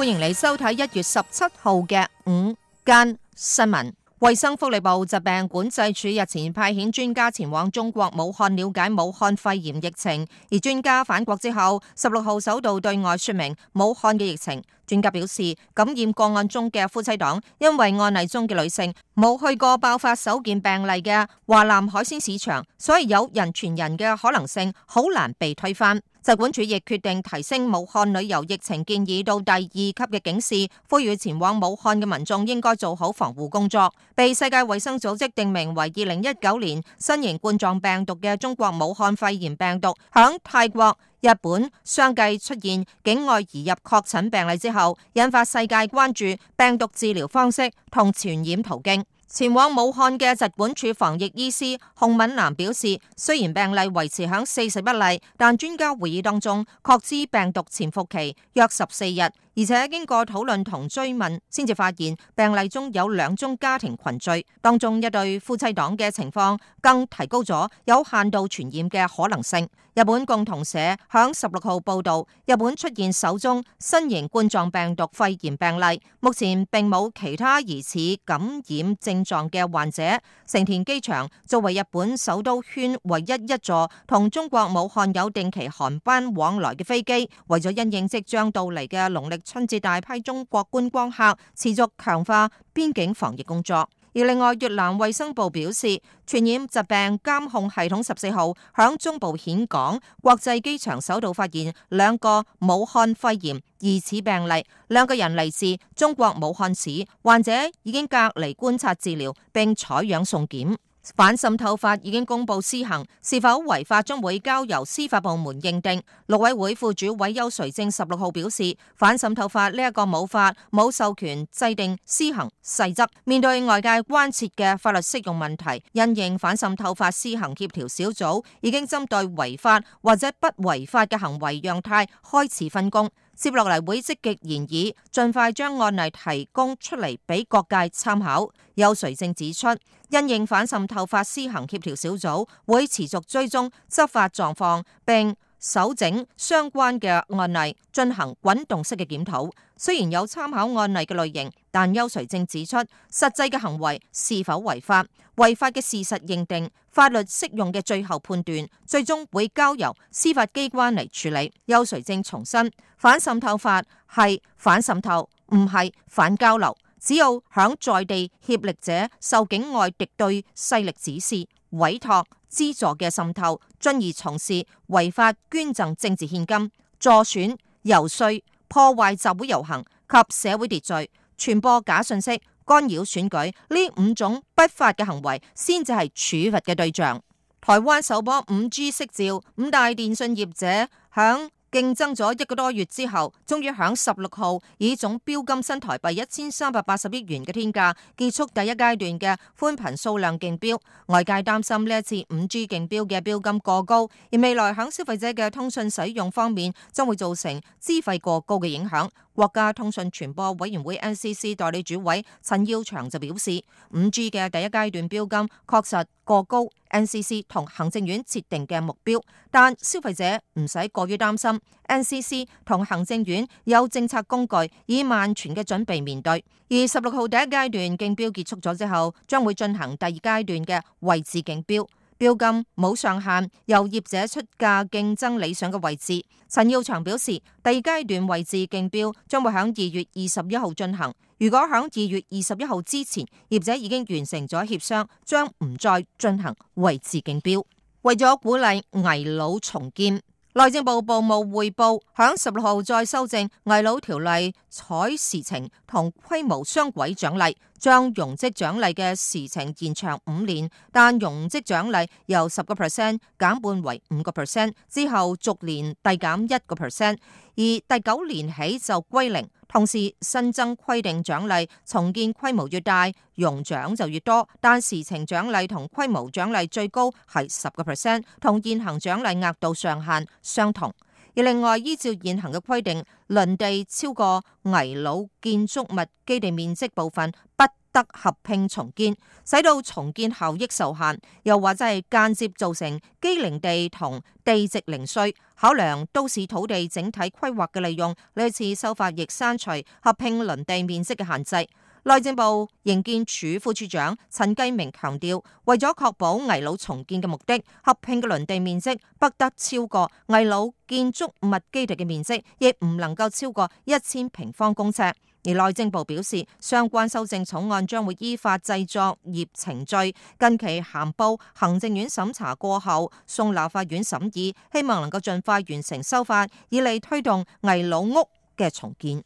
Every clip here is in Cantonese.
歡迎你收睇一月十七號嘅午間新聞。衛生福利部疾病管制處日前派遣專家前往中國武漢了解武漢肺炎疫情，而專家返國之後，十六號首度對外說明武漢嘅疫情。專家表示，感染個案中嘅夫妻檔，因為案例中嘅女性冇去過爆發首件病例嘅華南海鮮市場，所以有人傳人嘅可能性好難被推翻。疾管署亦決定提升武漢旅遊疫情建議到第二級嘅警示，呼籲前往武漢嘅民眾應該做好防護工作。被世界衛生組織定名為二零一九年新型冠狀病毒嘅中國武漢肺炎病毒，響泰國。日本相繼出現境外移入確診病例之後，引發世界關注病毒治療方式同傳染途徑。前往武漢嘅疾管處防疫醫師洪敏南表示，雖然病例維持響四十一例，但專家會議當中，確知病毒潛伏期約十四日。而且經過討論同追問，先至發現病例中有兩宗家庭群聚，當中一對夫妻檔嘅情況更提高咗有限度傳染嘅可能性。日本共同社響十六號報道，日本出現首宗新型冠狀病毒肺炎病例，目前並冇其他疑似感染症狀嘅患者。成田機場作為日本首都圈唯一一座同中國武漢有定期航班往來嘅飛機，為咗因應即將到嚟嘅農曆，春節大批中國觀光客，持續強化邊境防疫工作，而另外越南衛生部表示，傳染疾病監控系統十四號響中部峴港國際機場首度發現兩個武漢肺炎疑似病例，兩個人嚟自中國武漢市，患者已經隔離觀察治療並採樣送檢。反滲透法已經公布施行，是否違法將會交由司法部門認定。陸委會副主委邱瑞正十六號表示，反滲透法呢一個冇法冇授權制定施行細則。面對外界關切嘅法律適用問題，因應反滲透法施行協調小組已經針對違法或者不違法嘅行為樣態開始分工。接落嚟會積極研議，盡快將案例提供出嚟俾各界參考。邱垂正指出，因應反滲透法施行協調小組會持續追蹤執法狀況，並蒐整相關嘅案例進行滾動式嘅檢討。雖然有參考案例嘅類型，但邱垂正指出，實際嘅行為是否違法、違法嘅事實認定。法律適用嘅最後判斷，最終會交由司法機關嚟處理。有誰正重申，反滲透法係反滲透，唔係反交流。只要響在，在地協力者受境外敵對勢力指示、委託、資助嘅滲透，進而從事違法捐贈、政治獻金、助選、遊說、破壞集會遊行及社會秩序、傳播假信息。干擾選舉呢五種不法嘅行為，先至係處罰嘅對象。台灣首波五 G 釋照，五大電信業者響競爭咗一個多月之後，終於響十六號以總標金新台幣一千三百八十億元嘅天價結束第一階段嘅寬頻數量競標。外界擔心呢一次五 G 競標嘅標金過高，而未來響消費者嘅通訊使用方面，將會造成資費過高嘅影響。國家通訊傳播委員會 NCC 代理主委陳耀祥就表示，5G 嘅第一階段標金確實過高，NCC 同行政院設定嘅目標，但消費者唔使過於擔心，NCC 同行政院有政策工具以萬全嘅準備面對。而十六號第一階段競標結束咗之後，將會進行第二階段嘅位置競標。標金冇上限，由業者出價競爭理想嘅位置。陳耀祥表示，第二階段位置競標將會響二月二十一號進行。如果響二月二十一號之前，業者已經完成咗協商，將唔再進行位置競標。為咗鼓勵危老重建。內政部部務匯報，響十六號再修正《危老條例》，採時程同規模雙軌獎勵，將容積獎勵嘅時程延長五年，但容積獎勵由十個 percent 減半為五個 percent，之後逐年遞減一個 percent。而第九年起就歸零，同時新增規定獎勵，重建規模越大，容獎就越多。但時程獎勵同規模獎勵最高係十個 percent，同現行獎勵額度上限相同。而另外依照現行嘅規定，鄰地超過危老建築物基地面積部分不得合拼重建，使到重建效益受限，又或者係間接造成畸零地同地籍零碎，考量都市土地整體規劃嘅利用。呢次修法亦刪除合拼鄰地面積嘅限制。內政部營建署副署長陳繼明強調，為咗確保危老重建嘅目的，合拼嘅鄰地面積不得超過危老建築物基地嘅面積，亦唔能夠超過一千平方公尺。而內政部表示，相關修正草案將會依法製作業程序，近期函報行政院審查過後，送立法院審議，希望能夠盡快完成修法，以利推動危老屋嘅重建。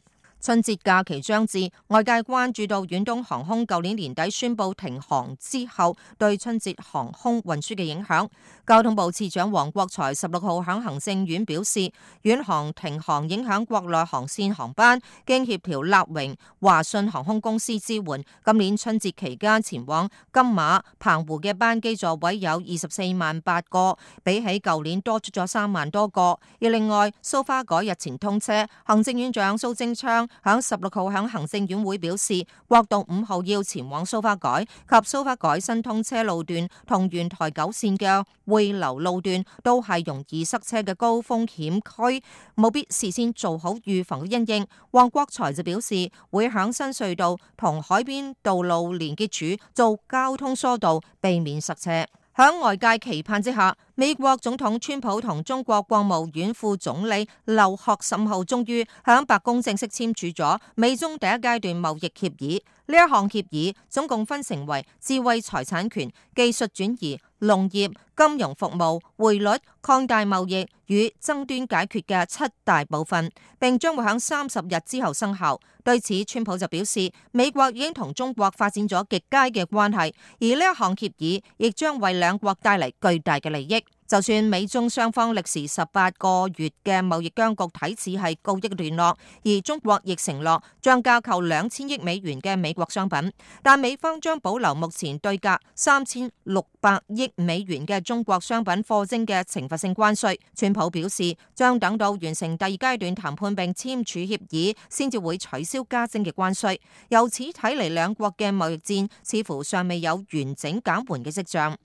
春節假期將至，外界關注到遠東航空舊年年底宣布停航之後，對春節航空運輸嘅影響。交通部次長王國材十六號響行政院表示，遠航停航影響國內航線航班，經協調立榮、華信航空公司支援，今年春節期間前往金馬澎湖嘅班機座位有二十四萬八個，比起舊年多出咗三萬多個。而另外，蘇花改日前通車，行政院長蘇貞昌。響十六號響行政院會表示，國道五號要前往蘇花改及蘇花改新通車路段同原台九線嘅匯流路段，都係容易塞車嘅高風險區，務必事先做好預防嘅因應。王國材就表示，會響新隧道同海邊道路連結處做交通疏導，避免塞車。喺外界期盼之下。美國總統川普同中國國務院副總理劉鶴十五號終於喺白宮正式簽署咗美中第一階段貿易協議。呢一項協議總共分成為智慧財產權、技術轉移、農業、金融服務、匯率、擴大貿易與爭端解決嘅七大部分，並將會喺三十日之後生效。對此，川普就表示，美國已經同中國發展咗極佳嘅關係，而呢一項協議亦將為兩國帶嚟巨大嘅利益。就算美中雙方歷時十八個月嘅貿易僵局睇似係告一段落，而中國亦承諾將加購兩千億美元嘅美國商品，但美方將保留目前對價三千六百億美元嘅中國商品課徵嘅懲罰性關稅。川普表示，將等到完成第二階段談判並簽署協議，先至會取消加徵嘅關稅。由此睇嚟，兩國嘅貿易戰似乎尚未有完整減緩嘅跡象。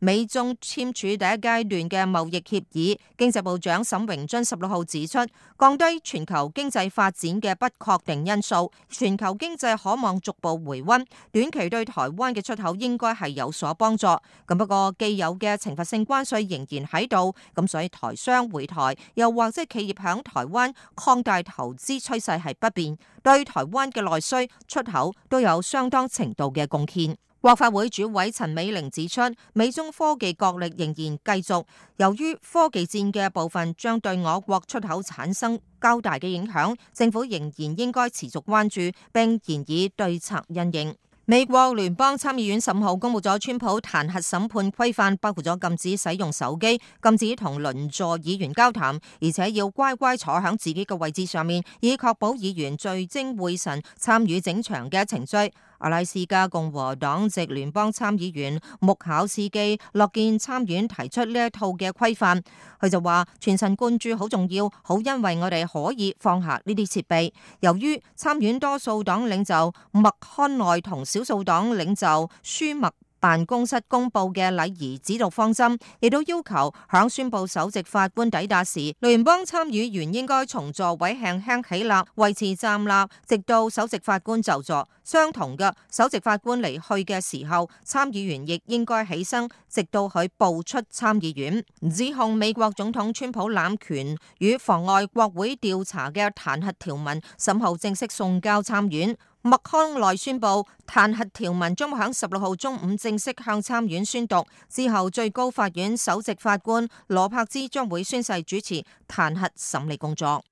美中簽署第一階段嘅貿易協議，經濟部長沈榮津十六號指出，降低全球經濟發展嘅不確定因素，全球經濟可望逐步回溫，短期對台灣嘅出口應該係有所幫助。咁不過既有嘅懲罰性關稅仍然喺度，咁所以台商回台又或者企業響台灣擴大投資趨勢係不變，對台灣嘅內需出口都有相當程度嘅貢獻。國發會主委陳美玲指出，美中科技角力仍然繼續，由於科技戰嘅部分將對我國出口產生較大嘅影響，政府仍然應該持續關注，並研擬對策因應。美國聯邦參議院十五號公布咗川普彈劾審判規範，包括咗禁止使用手機、禁止同鄰座議員交談，而且要乖乖坐喺自己嘅位置上面，以確保議員聚精會神參與整場嘅程序。阿拉斯加共和黨籍聯邦參議員穆考斯基，樂見參院提出呢一套嘅規範，佢就話全神貫注好重要，好因為我哋可以放下呢啲設備。由於參院多數黨領袖麥康奈同少數黨領袖舒默。辦公室公布嘅禮儀指導方針，亦都要求響宣佈首席法官抵達時，聯邦參議員應該從座位向輕起立，維持站立，直到首席法官就座。相同嘅，首席法官離去嘅時候，參議員亦應該起身，直到佢步出參議院。指控美國總統川普濫權與妨礙國會調查嘅彈劾條文，審後正式送交參院。麥康奈宣布，彈劾條文將喺十六號中午正式向參院宣讀，之後最高法院首席法官羅柏茲將會宣誓主持彈劾審理工作。